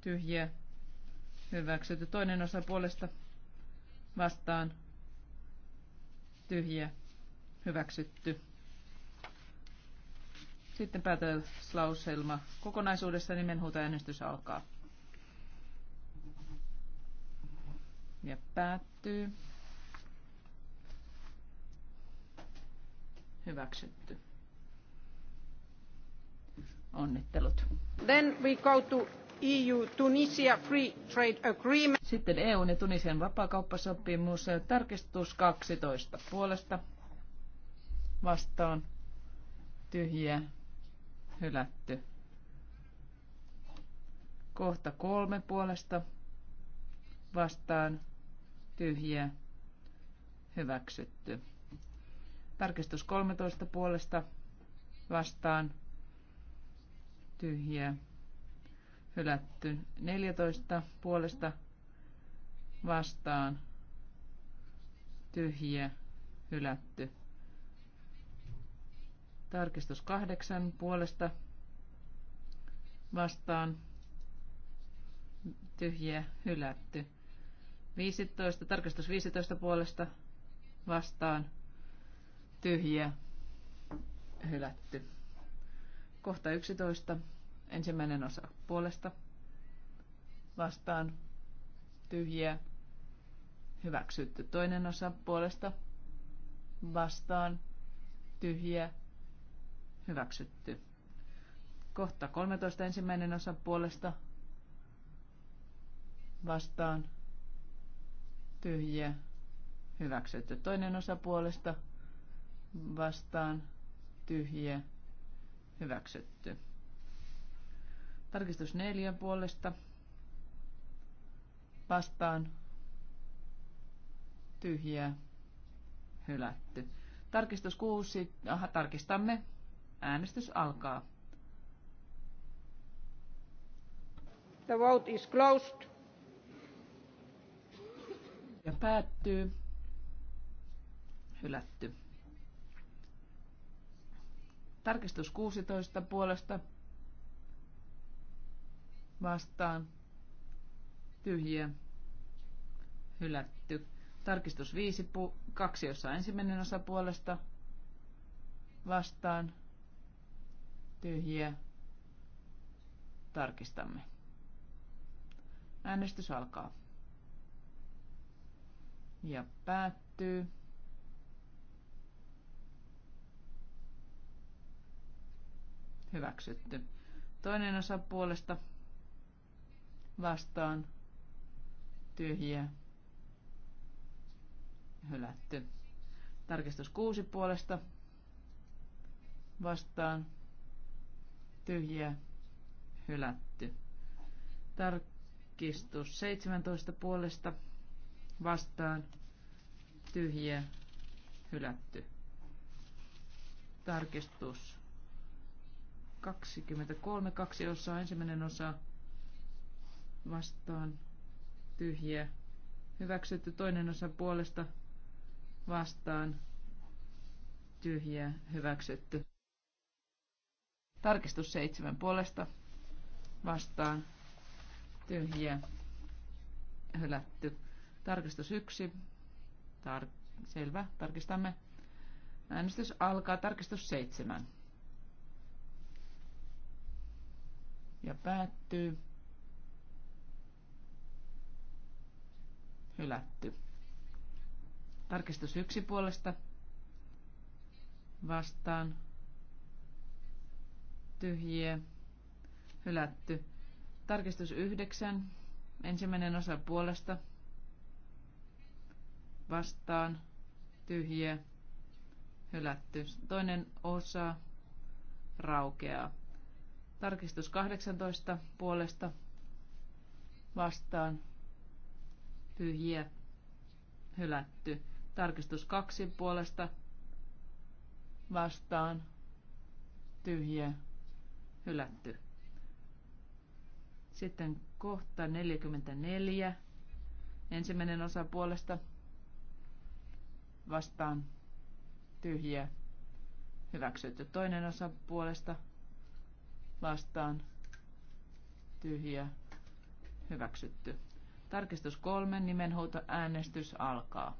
tyhjiä, hyväksytty. Toinen osa puolesta vastaan, tyhjiä, hyväksytty. Sitten päätöslauselma. Kokonaisuudessa nimenhuutoäänestys alkaa. Ja päättyy. Hyväksytty. Onnittelut. Then we go to EU-Tunisia Free Trade Agreement. Sitten EUn ja Tunisian vapaakauppasopimus. Tarkistus 12 puolesta. Vastaan. Tyhjiä. Hylätty. Kohta kolme puolesta. Vastaan. Tyhjiä. Hyväksytty. Tarkistus 13 puolesta vastaan. Tyhjää. Hylätty 14 puolesta vastaan. Tyhjiä. Hylätty. Tarkistus 8 puolesta vastaan. Tyhjiä. Hylätty. 15, tarkistus 15 puolesta vastaan tyhjiä hylätty. Kohta 11. Ensimmäinen osa puolesta vastaan tyhjiä hyväksytty. Toinen osa puolesta vastaan tyhjiä hyväksytty. Kohta 13. Ensimmäinen osa puolesta vastaan tyhjiä hyväksytty. Toinen osa puolesta vastaan tyhjä hyväksytty. Tarkistus neljä puolesta vastaan tyhjä hylätty. Tarkistus kuusi, aha, tarkistamme. Äänestys alkaa. The vote is closed. Ja päättyy. Hylätty. Tarkistus 16 puolesta vastaan tyhjiä hylätty. Tarkistus 5 pu- kaksi osa ensimmäinen osa puolesta vastaan tyhjiä tarkistamme. Äänestys alkaa. Ja päättyy. hyväksytty. Toinen osa puolesta vastaan tyhjiä hylätty. Tarkistus kuusi puolesta vastaan tyhjiä hylätty. Tarkistus 17 puolesta vastaan tyhjiä hylätty. Tarkistus 23, kaksi osaa, ensimmäinen osa vastaan, tyhjiä, hyväksytty, toinen osa puolesta vastaan, tyhjiä, hyväksytty. Tarkistus seitsemän puolesta vastaan, tyhjiä, hylätty. Tarkistus yksi, tar- selvä, tarkistamme. Äänestys alkaa, tarkistus seitsemän. ja päättyy. Hylätty. Tarkistus yksi puolesta vastaan. Tyhjiä. Hylätty. Tarkistus yhdeksän. Ensimmäinen osa puolesta. Vastaan. Tyhjiä. Hylätty. Toinen osa raukeaa. Tarkistus 18 puolesta vastaan Pyhiä. hylätty. Tarkistus 2 puolesta vastaan tyhjä hylätty. Sitten kohta 44. Ensimmäinen osa puolesta vastaan tyhjä hyväksytty. Toinen osa puolesta vastaan tyhjä hyväksytty. Tarkistus kolme, nimenhuuto äänestys alkaa.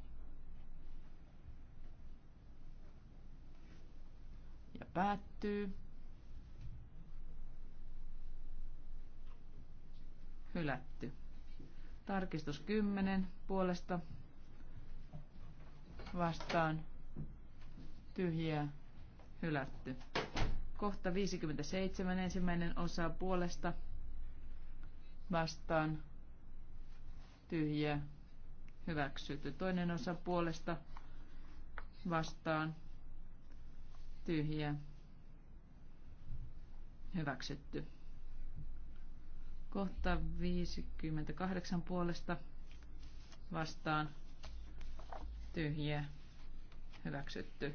Ja päättyy. Hylätty. Tarkistus 10 puolesta vastaan tyhjää hylätty. Kohta 57, ensimmäinen osa puolesta vastaan tyhjä hyväksytty. Toinen osa puolesta vastaan tyhjä hyväksytty. Kohta 58 puolesta vastaan tyhjä hyväksytty.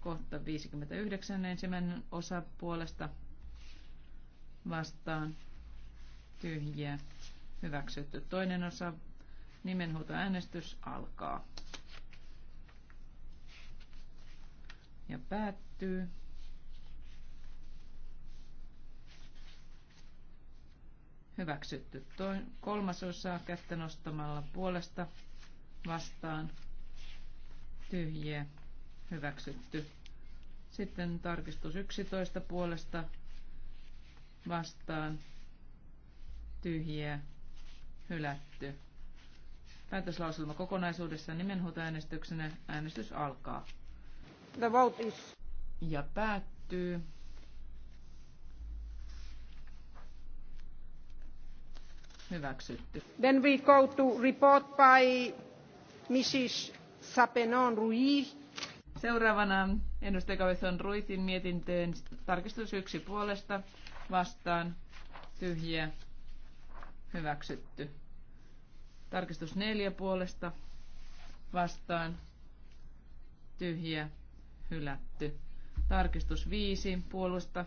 Kohta 59 ensimmäinen osa puolesta vastaan tyhjiä. Hyväksytty toinen osa. Nimenhuutoäänestys alkaa. Ja päättyy. Hyväksytty toinen kolmas osa kättä nostamalla puolesta vastaan tyhjiä hyväksytty. Sitten tarkistus 11 puolesta vastaan tyhjiä hylätty. Päätöslauselma kokonaisuudessa nimenhuutoäänestyksenä äänestys alkaa. The vote is... Ja päättyy. Hyväksytty. Then we go to report by Mrs. Sapenon Ruiz Seuraavana edustaja on Ruisin mietintöön tarkistus yksi puolesta vastaan tyhjiä hyväksytty. Tarkistus neljä puolesta vastaan tyhjiä hylätty. Tarkistus viisi puolesta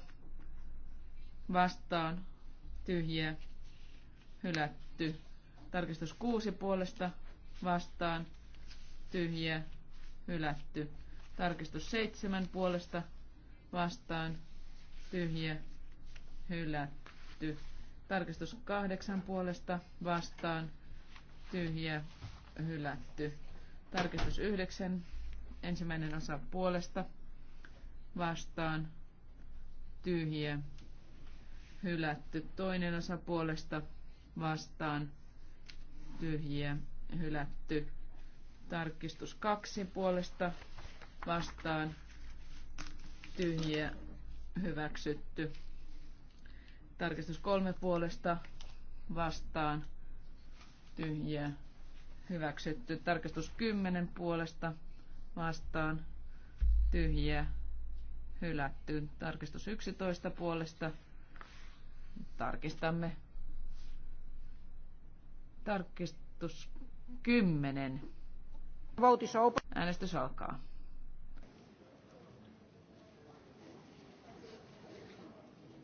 vastaan tyhjiä hylätty. Tarkistus kuusi puolesta vastaan tyhjiä hylätty Tarkistus seitsemän puolesta vastaan tyhjä hylätty. Tarkistus kahdeksan puolesta vastaan tyhjä hylätty. Tarkistus yhdeksän ensimmäinen osa puolesta vastaan tyhjä hylätty. Toinen osa puolesta vastaan tyhjä hylätty. Tarkistus kaksi puolesta vastaan tyhjiä hyväksytty. Tarkistus kolme puolesta vastaan tyhjiä hyväksytty. Tarkistus kymmenen puolesta vastaan tyhjiä hylätty. Tarkistus 11 puolesta tarkistamme. Tarkistus 10. Äänestys alkaa.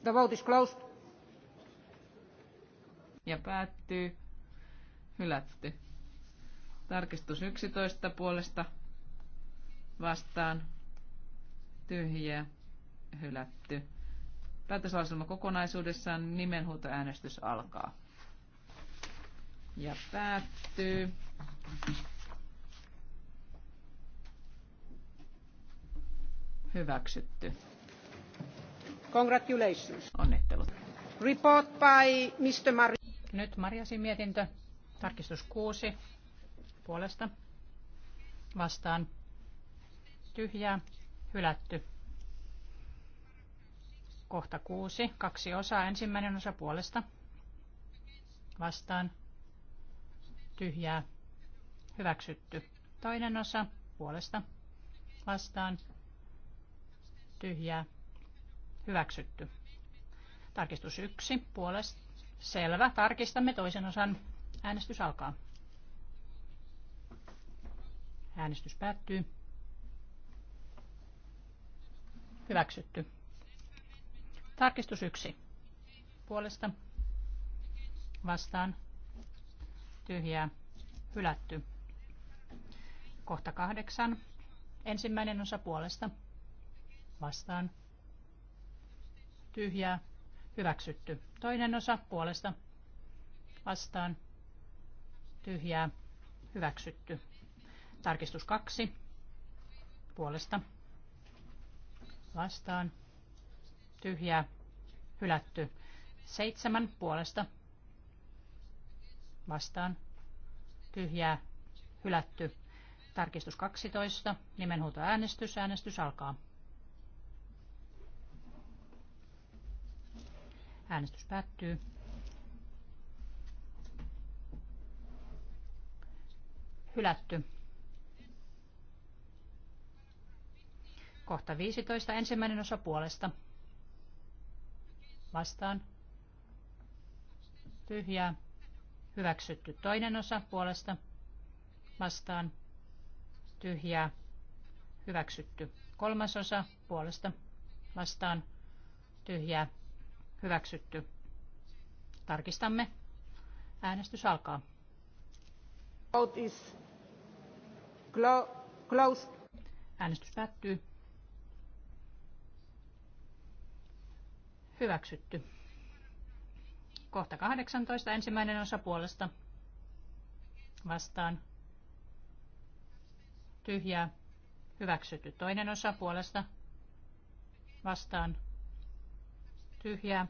The vote is closed. Ja päättyy. Hylätty. Tarkistus 11 puolesta vastaan. Tyhjiä. Hylätty. Päätöslauselma kokonaisuudessaan nimenhuutoäänestys alkaa. Ja päättyy. Hyväksytty. Congratulations. Onnittelut. Report by Mr. Mar- Nyt Marjasin mietintö. Tarkistus 6. Puolesta. Vastaan. Tyhjää. Hylätty. Kohta 6. Kaksi osaa. Ensimmäinen osa puolesta. Vastaan. Tyhjää. Hyväksytty. Toinen osa puolesta. Vastaan. Tyhjää Hyväksytty. Tarkistus 1 puolesta. Selvä. Tarkistamme toisen osan. Äänestys alkaa. Äänestys päättyy. Hyväksytty. Tarkistus 1. Puolesta. Vastaan. Tyhjää. Hylätty. Kohta kahdeksan. Ensimmäinen osa puolesta. Vastaan tyhjää, hyväksytty. Toinen osa puolesta vastaan, tyhjää, hyväksytty. Tarkistus kaksi puolesta vastaan, tyhjää, hylätty. Seitsemän puolesta vastaan, tyhjää, hylätty. Tarkistus 12, nimenhuutoäänestys, äänestys alkaa. Äänestys päättyy. Hylätty. Kohta 15. Ensimmäinen osa puolesta. Vastaan. Tyhjää. Hyväksytty. Toinen osa puolesta. Vastaan. Tyhjää. Hyväksytty. Kolmas osa puolesta. Vastaan. Tyhjää Hyväksytty. Tarkistamme. Äänestys alkaa. Vote is closed. Äänestys päättyy. Hyväksytty. Kohta 18. Ensimmäinen osa puolesta. Vastaan. Tyhjää. Hyväksytty. Toinen osa puolesta. Vastaan tyhjää.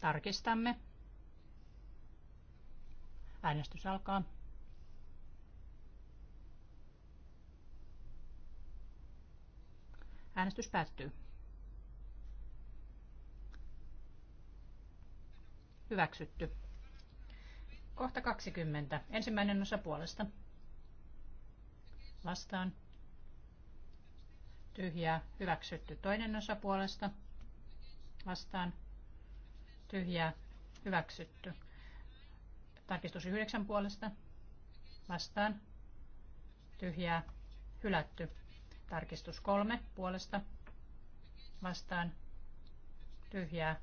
Tarkistamme. Äänestys alkaa. Äänestys päättyy. Hyväksytty. Kohta 20. Ensimmäinen osa puolesta. Vastaan tyhjää, hyväksytty. Toinen osa puolesta vastaan, tyhjää, hyväksytty. Tarkistus yhdeksän puolesta vastaan, tyhjää, hylätty. Tarkistus kolme puolesta vastaan, tyhjää,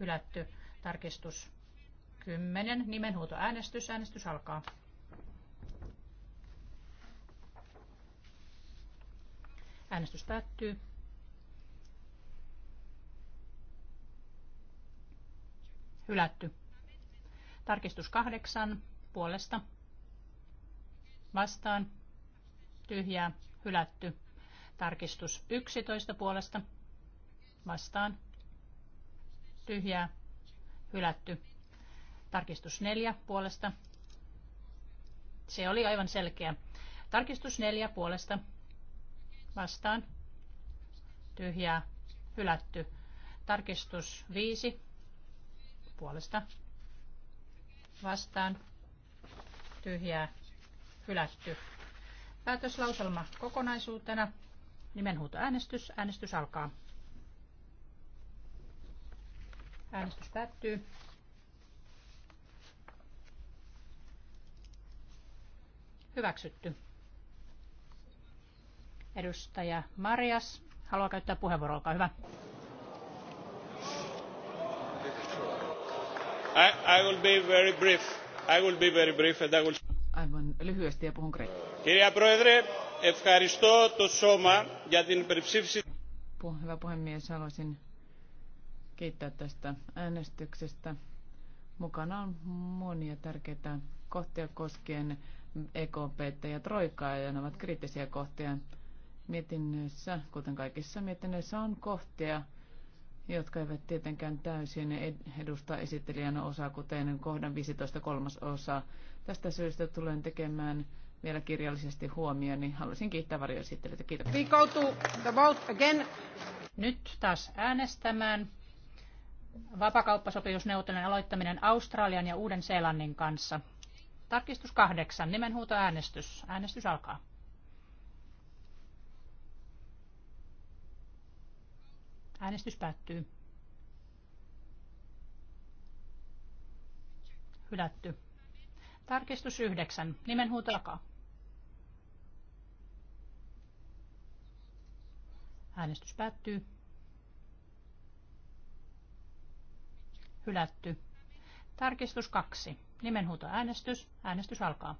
hylätty. Tarkistus kymmenen. Nimenhuutoäänestys. Äänestys alkaa. Äänestys päättyy. Hylätty. Tarkistus kahdeksan puolesta. Vastaan. Tyhjää. Hylätty. Tarkistus 11 puolesta. Vastaan. Tyhjää. Hylätty. Tarkistus 4 puolesta. Se oli aivan selkeä. Tarkistus 4 puolesta vastaan, tyhjää, hylätty. Tarkistus 5 puolesta vastaan, tyhjää, hylätty. Päätöslauselma kokonaisuutena. Nimenhuutoäänestys. Äänestys alkaa. Äänestys päättyy. Hyväksytty. Edustaja Marias haluaa käyttää puheenvuoron, olkaa hyvä. I, I will be very brief. I will be very brief and I will... Aivan lyhyesti ja puhun kreikkaa. Kirja Proedre, ευχαριστώ το σώμα για την υπερψήφιση. Hyvä puhemies, haluaisin kiittää tästä äänestyksestä. Mukana on monia tärkeitä kohtia koskien EKP ja Troikaa, ja ne ovat kriittisiä kohtia mietinnöissä, kuten kaikissa mietinnöissä, on kohtia, jotka eivät tietenkään täysin edusta esittelijän osaa, kuten kohdan 15 kolmas osa. Tästä syystä tulen tekemään vielä kirjallisesti huomioon, niin haluaisin kiittää varjoesittelijöitä. Kiitos. We go to the vote again. Nyt taas äänestämään. Vapakauppasopimusneuvottelujen aloittaminen Australian ja Uuden-Seelannin kanssa. Tarkistus kahdeksan. äänestys. Äänestys alkaa. Äänestys päättyy. Hylätty. Tarkistus 9. Nimenhuuto alkaa. Äänestys päättyy. Hylätty. Tarkistus 2. Äänestys. Äänestys alkaa.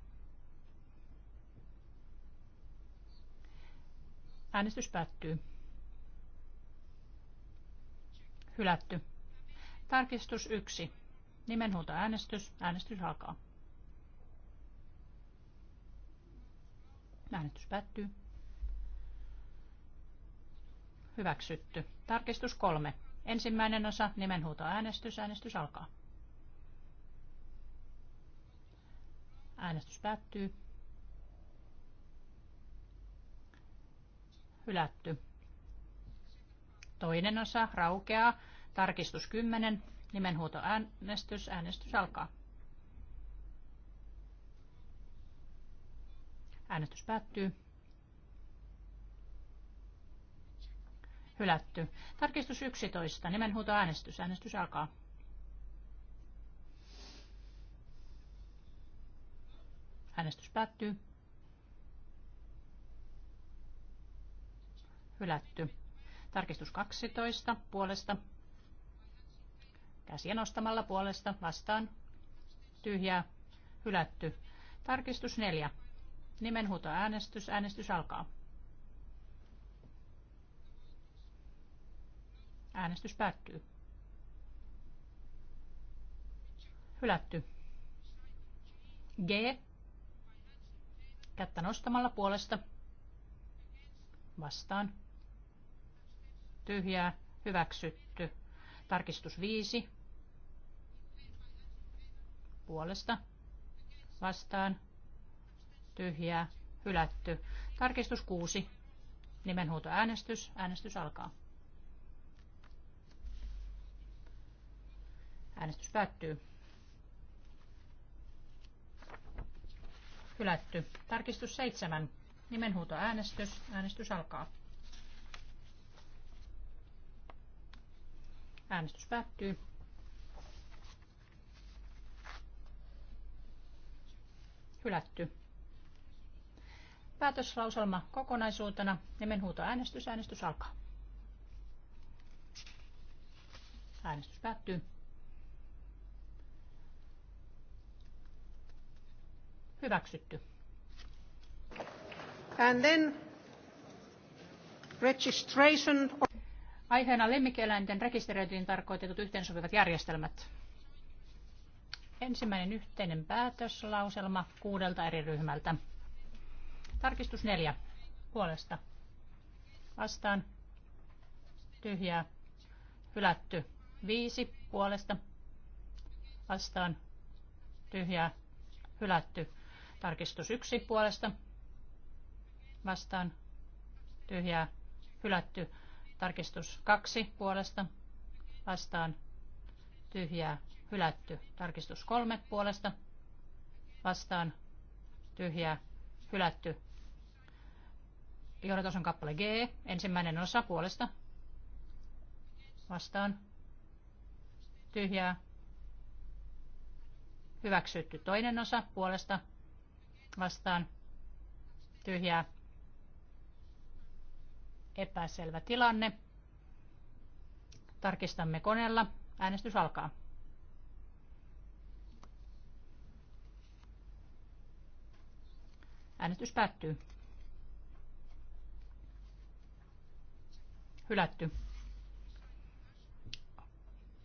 Äänestys päättyy. Hylätty. Tarkistus 1. Nimenhuuto äänestys. Äänestys alkaa. Äänestys päättyy. Hyväksytty. Tarkistus 3. Ensimmäinen osa. Nimenhuuto äänestys. Äänestys alkaa. Äänestys päättyy. Hylätty. Toinen osa raukeaa. Tarkistus 10. Nimenhuutoäänestys. Äänestys alkaa. Äänestys päättyy. Hylätty. Tarkistus 11. Nimenhuutoäänestys. Äänestys alkaa. Äänestys päättyy. Hylätty. Tarkistus 12. Puolesta Käsiä nostamalla puolesta vastaan. Tyhjää. Hylätty. Tarkistus 4. Nimenhuuto äänestys. Äänestys alkaa. Äänestys päättyy. Hylätty. G. Kättä nostamalla puolesta. Vastaan. Tyhjää. Hyväksytty. Tarkistus 5 puolesta vastaan tyhjää hylätty. Tarkistus 6. Nimenhuutoäänestys. Äänestys alkaa. Äänestys päättyy. Hylätty. Tarkistus 7. Nimenhuutoäänestys. Äänestys alkaa. Äänestys päättyy. Hylätty. Päätöslauselma kokonaisuutena. Nimenhuuto äänestys. Äänestys alkaa. Äänestys päättyy. Hyväksytty. And then registration... Aiheena lemmikkieläinten rekisteröitiin tarkoitetut yhteensopivat järjestelmät. Ensimmäinen yhteinen päätöslauselma kuudelta eri ryhmältä. Tarkistus neljä. Puolesta. Vastaan. Tyhjää. Hylätty. Viisi. Puolesta. Vastaan. Tyhjää. Hylätty. Tarkistus yksi. Puolesta. Vastaan. Tyhjää. Hylätty. Tarkistus kaksi. Puolesta. Vastaan. Tyhjää hylätty. Tarkistus kolme puolesta vastaan tyhjää hylätty. Johdatus on kappale G, ensimmäinen osa puolesta vastaan tyhjää hyväksytty. Toinen osa puolesta vastaan tyhjää epäselvä tilanne. Tarkistamme koneella. Äänestys alkaa. Äänestys päättyy. Hylätty.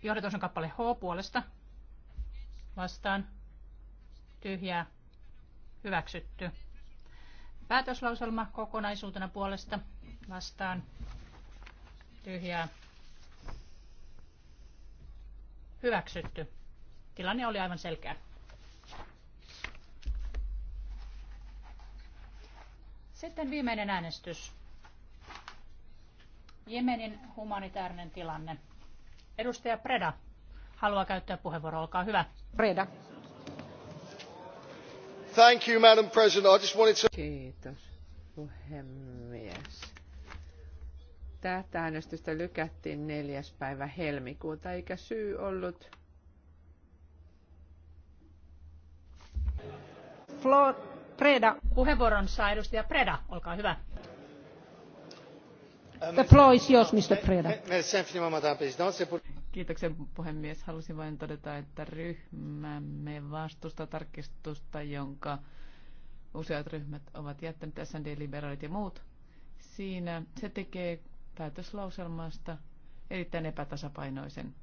Johdatus on kappale H puolesta. Vastaan. Tyhjää. Hyväksytty. Päätöslauselma kokonaisuutena puolesta. Vastaan. Tyhjää. Hyväksytty. Tilanne oli aivan selkeä. Sitten viimeinen äänestys. Jemenin humanitaarinen tilanne. Edustaja Preda haluaa käyttää puheenvuoron. Olkaa hyvä. Preda. Thank you, Madam President. I just wanted to... Kiitos, puhemies. Tätä äänestystä lykättiin neljäs päivä helmikuuta, eikä syy ollut... Flot Preda. Puheenvuoron saa edustaja Preda, olkaa hyvä. The floor is yours, Mr. Preda. Kiitoksia puhemies. Halusin vain todeta, että ryhmämme vastusta tarkistusta, jonka useat ryhmät ovat jättäneet, SND, liberaalit ja muut. Siinä se tekee päätöslauselmasta erittäin epätasapainoisen.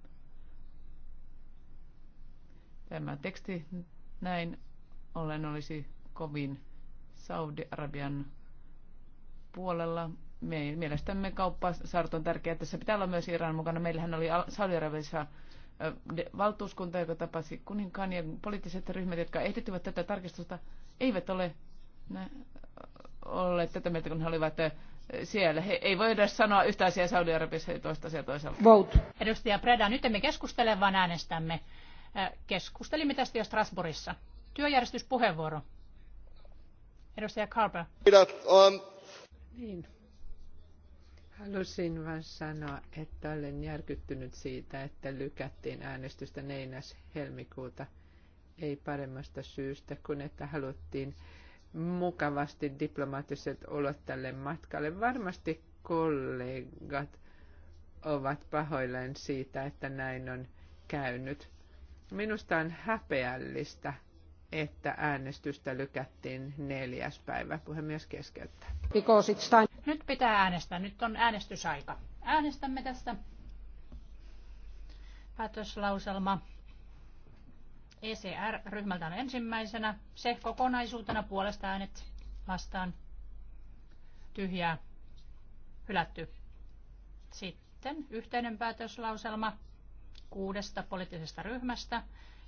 Tämä teksti näin ollen olisi kovin Saudi-Arabian puolella. Me, mielestämme kauppasaarto on tärkeää. Tässä pitää olla myös Iran mukana. Meillähän oli Saudi-Arabiassa valtuuskunta, joka tapasi kuninkaan ja poliittiset ryhmät, jotka ehdittivät tätä tarkistusta, eivät ole ne, olleet tätä mieltä, kun he olivat siellä. He ei voida sanoa yhtä asiaa Saudi-Arabiassa ja toista asiaa toisella. Vote. Edustaja Preda, nyt emme keskustele, vaan äänestämme. Keskustelimme tästä jo Strasbourgissa. Työjärjestyspuheenvuoro. Edustaja Carper. Um, niin. Halusin vain sanoa, että olen järkyttynyt siitä, että lykättiin äänestystä 4. helmikuuta. Ei paremmasta syystä kuin, että haluttiin mukavasti diplomaattiset olot tälle matkalle. Varmasti kollegat ovat pahoillaan siitä, että näin on käynyt. Minusta on häpeällistä, että äänestystä lykättiin neljäs päivä. Puhemies keskeyttää. Nyt pitää äänestää. Nyt on äänestysaika. Äänestämme tästä. Päätöslauselma. ECR-ryhmältä on ensimmäisenä. Se kokonaisuutena puolesta äänet vastaan. Tyhjää. Hylätty. Sitten yhteinen päätöslauselma kuudesta poliittisesta ryhmästä.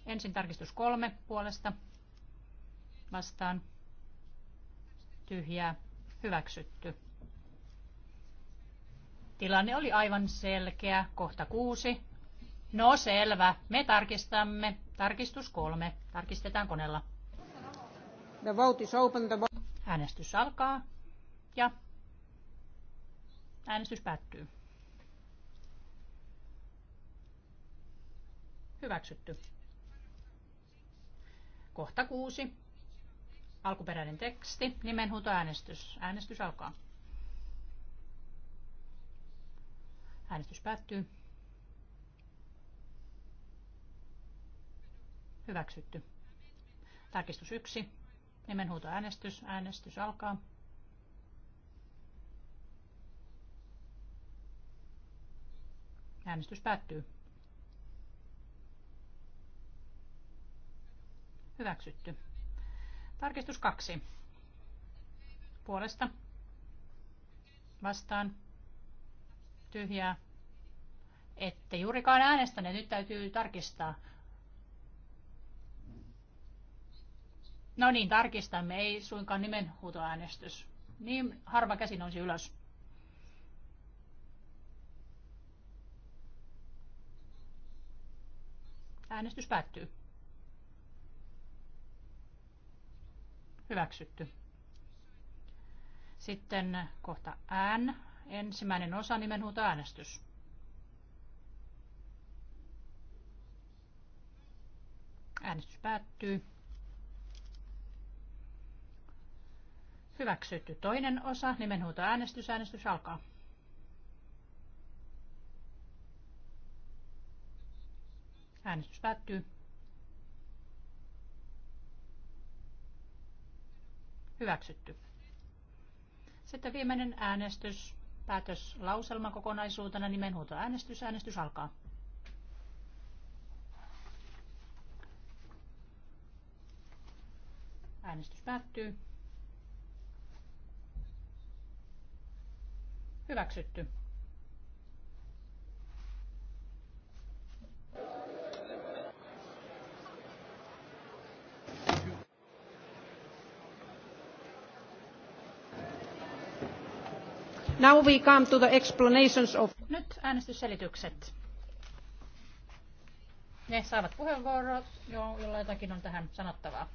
Ensin tarkistus kolme puolesta vastaan tyhjää hyväksytty. Tilanne oli aivan selkeä. Kohta kuusi. No selvä. Me tarkistamme. Tarkistus kolme. Tarkistetaan koneella. The vote is open. The vote. Äänestys alkaa. Ja äänestys päättyy. Hyväksytty. Kohta kuusi. Alkuperäinen teksti, nimenhuuto Äänestys äänestys alkaa. Äänestys päättyy. Hyväksytty. Tarkistus 1. äänestys Äänestys alkaa. Äänestys päättyy. Hyväksytty. Tarkistus kaksi. Puolesta. Vastaan. Tyhjää. Ette juurikaan äänestäneet. Nyt täytyy tarkistaa. No niin, tarkistamme. Ei suinkaan nimenhuutoäänestys. Niin harva käsi nousi ylös. Äänestys päättyy. Hyväksytty. Sitten kohta N. Ensimmäinen osa nimenhuuta äänestys. Äänestys päättyy. Hyväksytty toinen osa. Nimenhuuto äänestys. Äänestys alkaa. Äänestys päättyy. Hyväksytty. Sitten viimeinen äänestys, päätös lauselma kokonaisuutena, nimenhuuto äänestys. Äänestys alkaa. Äänestys päättyy. Hyväksytty. Now we come to the explanations of... Nyt äänestysselitykset. Ne saavat puheenvuorot, jolla jotakin on tähän sanottavaa.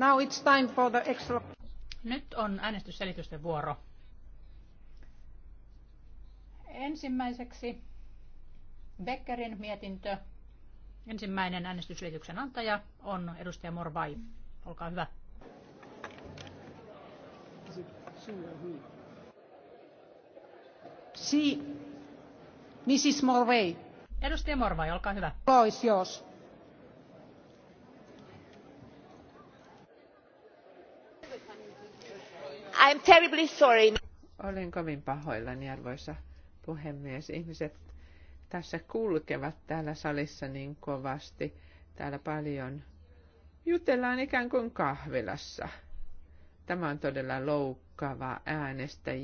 Now it's time for the extra... Nyt on äänestysselitysten vuoro. Ensimmäiseksi Beckerin mietintö. Ensimmäinen äänestysselityksen antaja on edustaja Morvai. Olkaa hyvä. Si, Mrs. Morvai. Edustaja Morvai, olkaa hyvä. Floor is yours. I'm terribly sorry. Olen kovin pahoillani, arvoisa puhemies. Ihmiset tässä kulkevat täällä salissa niin kovasti. Täällä paljon jutellaan ikään kuin kahvilassa. Tämä on todella loukkaava äänestäjiä.